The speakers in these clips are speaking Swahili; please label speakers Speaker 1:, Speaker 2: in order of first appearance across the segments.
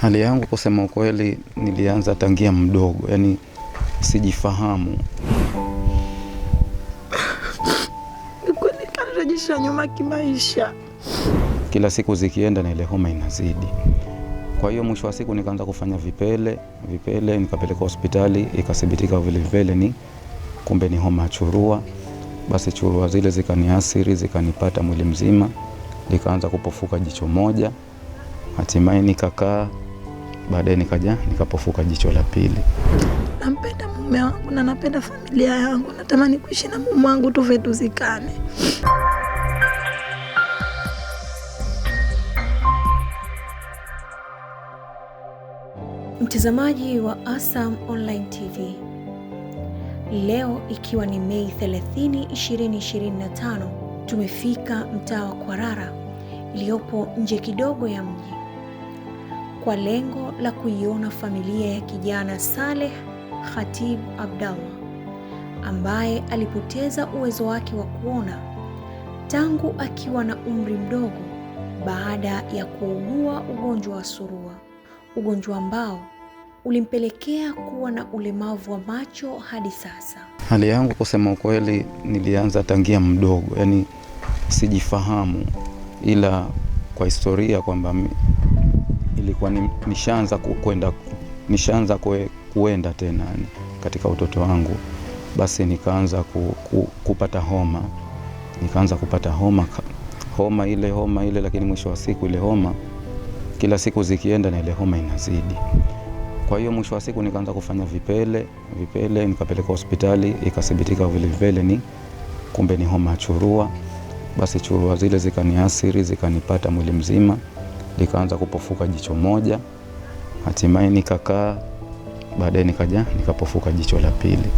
Speaker 1: Hali yangu kusema ukweli, nilianza tangia mdogo, yani sijifahamu.
Speaker 2: Nikarejesha nyuma kimaisha,
Speaker 1: kila siku zikienda na ile homa inazidi. Kwa hiyo mwisho wa siku nikaanza kufanya vipele vipele, nikapeleka hospitali, ikathibitika vile vipele ni kumbe ni homa churua. Basi churua zile zikaniasiri, zikanipata mwili mzima, likaanza kupofuka jicho moja, hatimaye nikakaa baadaye nikaja nikapofuka jicho la pili.
Speaker 2: Nampenda mume wangu na napenda familia yangu, natamani kuishi na mume wangu vetu zikane.
Speaker 3: Mtazamaji wa ASAM Online TV, leo ikiwa ni Mei 30, 2025, tumefika mtaa wa Kwarara iliyopo nje kidogo ya mji kwa lengo la kuiona familia ya kijana Saleh Khatib Abdallah ambaye alipoteza uwezo wake wa kuona tangu akiwa na umri mdogo baada ya kuugua ugonjwa wa surua, ugonjwa ambao ulimpelekea kuwa na ulemavu wa macho hadi sasa.
Speaker 1: Hali yangu kusema ukweli, nilianza tangia mdogo, yani sijifahamu, ila kwa historia kwamba ilikuwa ni, nishaanza kwenda nishaanza kuenda tena katika utoto wangu, basi nikaanza ku, ku, kupata homa, nikaanza kupata homa homa ile homa ile, lakini mwisho wa siku ile homa kila siku zikienda na ile homa inazidi. Kwa hiyo mwisho wa siku nikaanza kufanya vipele vipele, nikapeleka hospitali, ikathibitika vile vipele ni kumbe ni homa churua. Basi churua zile zikaniathiri zikanipata mwili mzima likaanza kupofuka jicho moja, hatimaye nikakaa, baadaye nikaja nikapofuka jicho la pili.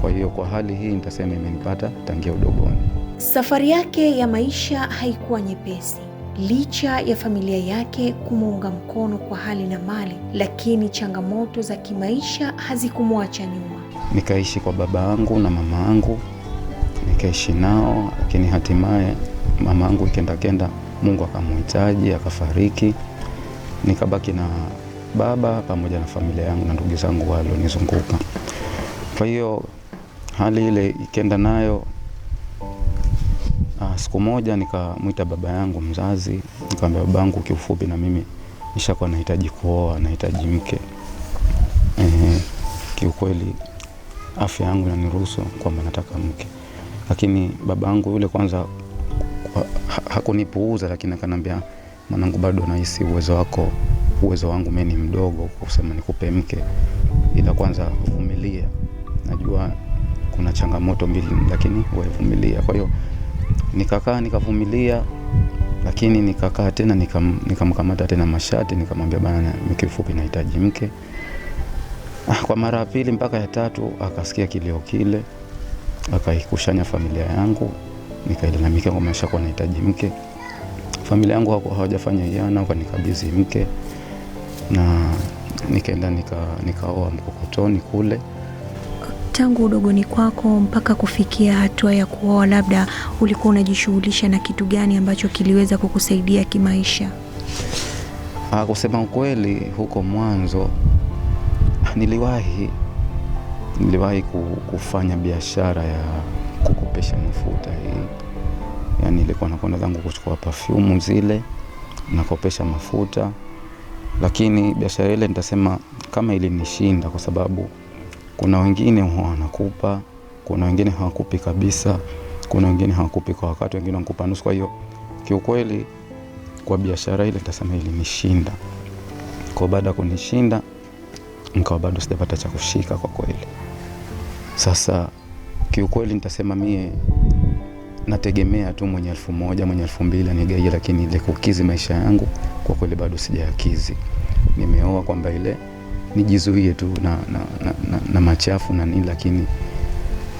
Speaker 1: Kwa hiyo kwa hali hii nitasema imenipata tangia udogoni.
Speaker 3: Safari yake ya maisha haikuwa nyepesi licha ya familia yake kumuunga mkono kwa hali na mali, lakini changamoto za kimaisha hazikumwacha nyuma.
Speaker 1: Nikaishi kwa baba yangu na mama yangu, nikaishi nao, lakini hatimaye mama yangu ikenda kenda Mungu akamhitaji akafariki, nikabaki na baba pamoja na familia yangu na ndugu zangu walionizunguka. Kwa hiyo hali ile ikenda nayo. Uh, siku moja nikamwita baba yangu mzazi, nikamwambia babangu kiufupi na mimi nishakuwa nahitaji kuoa, nahitaji mke eh, kiukweli afya yangu inaniruhusu kwamba nataka mke, lakini babangu yule kwanza hakunipuuza, lakini akanambia mwanangu, bado nahisi uwezo wako, uwezo wangu mimi ni mdogo kusema nikupe mke, ila kwanza vumilia najua kuna changamoto mbili, lakini wevumilia. Kwa hiyo nikakaa nikavumilia, lakini nikakaa tena nikamkamata nika tena mashati nikamwambia, bana, mkifupi nahitaji mke. Ah, kwa mara ya pili mpaka ya tatu akasikia kilio kile, akaikushanya familia yangu nikailalamika maisha kuwa nahitaji mke. Familia yangu hawajafanya hiana, wakanikabidhi mke na nikaenda nikaoa nika mkokotoni kule.
Speaker 3: Tangu udogoni kwako mpaka kufikia hatua ya kuoa, labda ulikuwa unajishughulisha na kitu gani ambacho kiliweza kukusaidia kimaisha?
Speaker 1: Ah, kusema ukweli, huko mwanzo niliwahi niliwahi kufanya biashara ya kukopesha mafuta hii. Yani ilikuwa nakwenda zangu kuchukua perfume zile nakopesha mafuta, lakini biashara ile nitasema kama ilinishinda, kwa sababu kuna wengine wanakupa, kuna wengine hawakupi kabisa, kuna wengine hawakupi kwa wakati, wengine wanakupa nusu. Kwa hiyo kiukweli, kwa biashara ile nitasema ilinishinda. Kwa baada ya kunishinda, nikawa bado sijapata cha kushika kwa kweli. Sasa Kiukweli nitasema mie nategemea tu mwenye elfu moja mwenye elfu mbili anigaie, lakini ile kukizi maisha yangu kwa kweli bado sijayakizi Nimeoa kwamba ile nijizuie tu na, na, na, na, na machafu na nini, lakini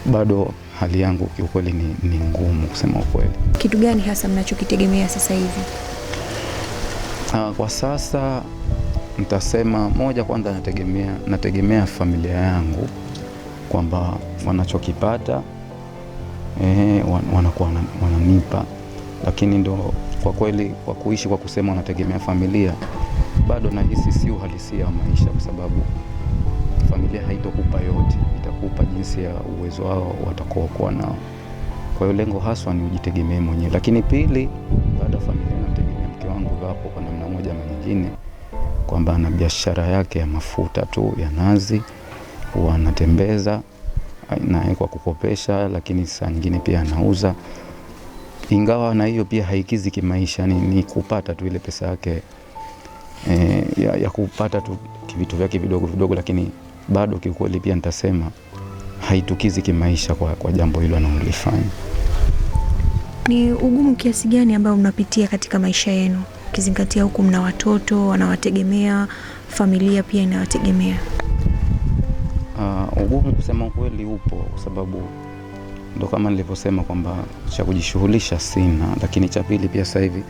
Speaker 1: bado hali yangu kiukweli ni, ni ngumu kusema ukweli.
Speaker 3: Kitu gani hasa mnachokitegemea sasa hivi?
Speaker 1: Aa, ah, kwa sasa ntasema moja, kwanza nategemea nategemea familia yangu kwamba wanachokipata eh, wanakuwa wananipa, lakini ndo kwa kweli kwa kuishi kwa kusema wanategemea familia, bado nahisi si uhalisia wa maisha, kwa sababu familia haitokupa yote, itakupa jinsi ya uwezo wao watakuwa nao. Kwa hiyo lengo haswa ni ujitegemee mwenyewe, lakini pili, baada ya familia, namtegemea mke wangu hapo kwa namna moja ama nyingine, kwamba ana biashara yake ya mafuta tu ya nazi huwa anatembeza na kwa kukopesha, lakini saa nyingine pia anauza, ingawa na hiyo pia haikizi kimaisha, ni, ni kupata tu ile pesa yake e, ya, ya kupata tu vitu vyake vidogo vidogo, lakini bado kiukweli pia nitasema haitukizi kimaisha kwa, kwa jambo hilo analolifanya.
Speaker 3: Ni ugumu kiasi gani ambayo mnapitia katika maisha yenu, ukizingatia huku mna watoto wanawategemea, familia pia inawategemea?
Speaker 1: Uh, ugumu kusema kweli upo, kwa sababu ndo kama nilivyosema kwamba cha kujishughulisha sina, lakini cha pili pia sasa hivi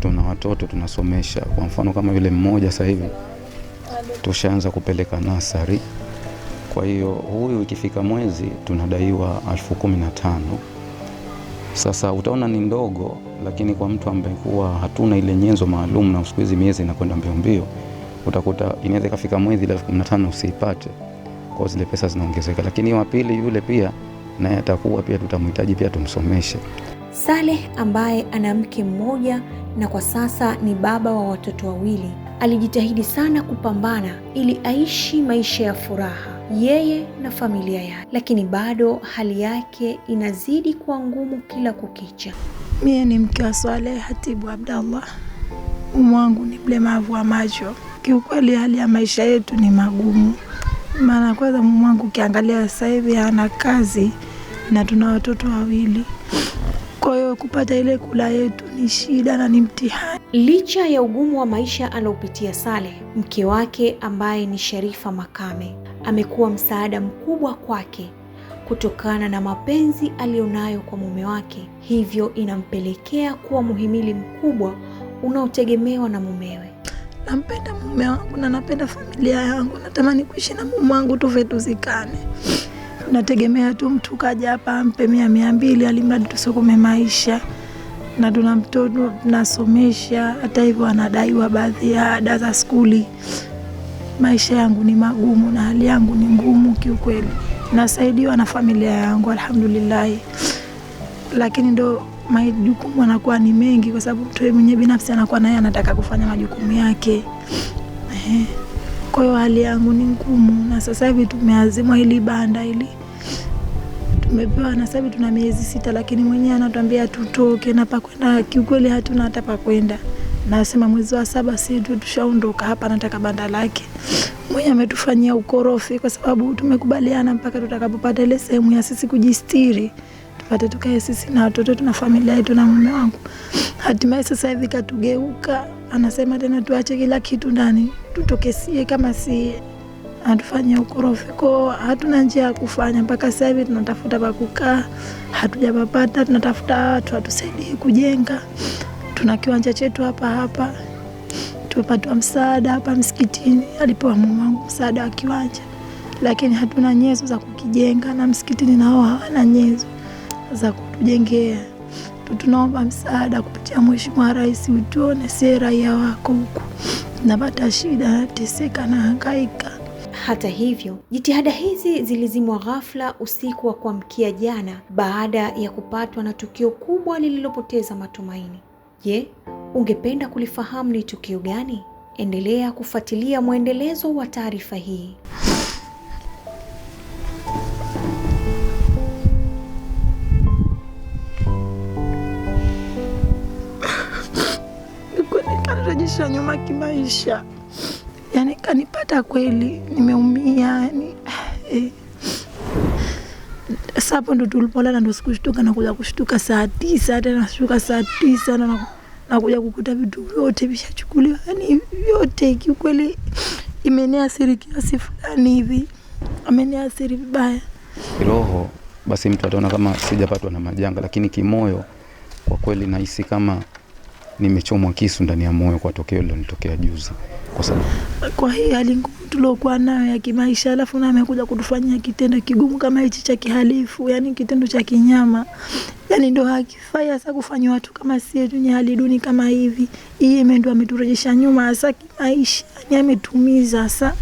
Speaker 1: tuna watoto tunasomesha. Kwa mfano kama yule mmoja sasa hivi tushaanza kupeleka nasari, kwa hiyo huyu ikifika mwezi tunadaiwa elfu kumi na tano. Sasa utaona ni ndogo, lakini kwa mtu ambaye kuwa hatuna ile nyenzo maalum, na siku hizi miezi inakwenda mbio mbio, utakuta inaweza ikafika mwezi elfu kumi na tano usiipate kwa zile pesa zinaongezeka, lakini wa pili yule pia naye atakuwa pia tutamhitaji pia tumsomeshe.
Speaker 3: Saleh ambaye ana mke mmoja na kwa sasa ni baba wa watoto wawili alijitahidi sana kupambana ili aishi maisha ya furaha yeye na familia yake, lakini bado hali yake inazidi kuwa ngumu kila kukicha.
Speaker 2: Mie ni mke wa Saleh Hatibu Abdallah, mume wangu ni mlemavu wa macho. Kiukweli hali ya maisha yetu ni magumu. Maana ya kwanza mume wangu ukiangalia sasa hivi hana kazi na tuna watoto wawili, kwa hiyo kupata ile kula yetu ni shida na ni mtihani.
Speaker 3: Licha ya ugumu wa maisha aliopitia Saleh, mke wake ambaye ni Sharifa Makame amekuwa msaada mkubwa kwake kutokana na mapenzi aliyonayo kwa mume wake, hivyo inampelekea kuwa muhimili mkubwa unaotegemewa na mumewe
Speaker 2: nampenda mume wangu na napenda familia yangu, natamani kuishi na mume wangu tuve tuzikane. Nategemea tu mtu kaja hapa ampe mia mia mbili, alimradi tusukume maisha na tuna mtoto nasomesha. Hata hivyo anadaiwa baadhi ya ada za skuli. Maisha yangu ni magumu na hali yangu ni ngumu kiukweli. Nasaidiwa na familia yangu alhamdulillahi lakini ndo majukumu anakuwa ni mengi, kwa sababu mtu mwenyewe binafsi anakuwa naye anataka kufanya majukumu yake. Kwa hiyo hali yangu ni ngumu, na sasa hivi tumeazimwa hili banda hili tumepewa, na sasa hivi tuna miezi sita, lakini mwenyewe anatuambia tutoke na pakwenda, kiukweli hatuna hata pakwenda. Nasema mwezi wa saba si tushaondoka hapa, nataka banda lake mwenye Ametufanyia ukorofi, kwa sababu tumekubaliana mpaka tutakapopata ile sehemu ya sisi kujistiri tupate tukae sisi na watoto wetu na familia yetu na mume wangu. Hatimaye sasa hivi katugeuka, anasema tena tuache kila kitu ndani tutoke sie kama si atufanye ukorofi ko hatuna njia ya kufanya mpaka sasa hivi tunatafuta pa kukaa, hatujapapata. Tunatafuta watu watusaidie kujenga, tuna kiwanja chetu hapa hapa. Tumepatiwa msaada hapa msikitini, alipewa mume wangu msaada wa kiwanja, lakini hatuna nyenzo za kukijenga, na msikitini nao hawana nyenzo za kutujengea. Tunaomba msaada kupitia Mheshimiwa Rais, utuone sie raia wako huku napata shida, nateseka na hangaika.
Speaker 3: Hata hivyo, jitihada hizi zilizimwa ghafla usiku wa kuamkia jana baada ya kupatwa na tukio kubwa lililopoteza matumaini. Je, ungependa kulifahamu ni tukio gani? Endelea kufuatilia mwendelezo wa taarifa hii.
Speaker 2: kanirejesha nyuma kimaisha, yani kanipata kweli, nimeumia yani eh. Sasa hapo ndo tulipolala, ndo sikushtuka na kuja kushtuka saa tisa, tena nashtuka saa tisa na nakuja kukuta vitu vyote vishachukuliwa, yani vyote kiukweli, imeniathiri kiasi fulani hivi, ameniathiri vibaya
Speaker 1: kiroho. Basi mtu ataona kama sijapatwa na majanga, lakini kimoyo kwa kweli nahisi kama nimechomwa kisu ndani ya moyo kwa tokeo lilonitokea juzi, kwa sababu
Speaker 2: kwa hii hali ngumu tuliokuwa nayo ya kimaisha, alafu naye amekuja kutufanyia kitendo kigumu kama hichi cha kihalifu, yani kitendo cha kinyama, yani ndio hakifai hasa kufanywa watu kama sie tunye hali duni kama hivi. Hii imendo ameturejesha nyuma hasa kimaisha, yani ametumiza hasa.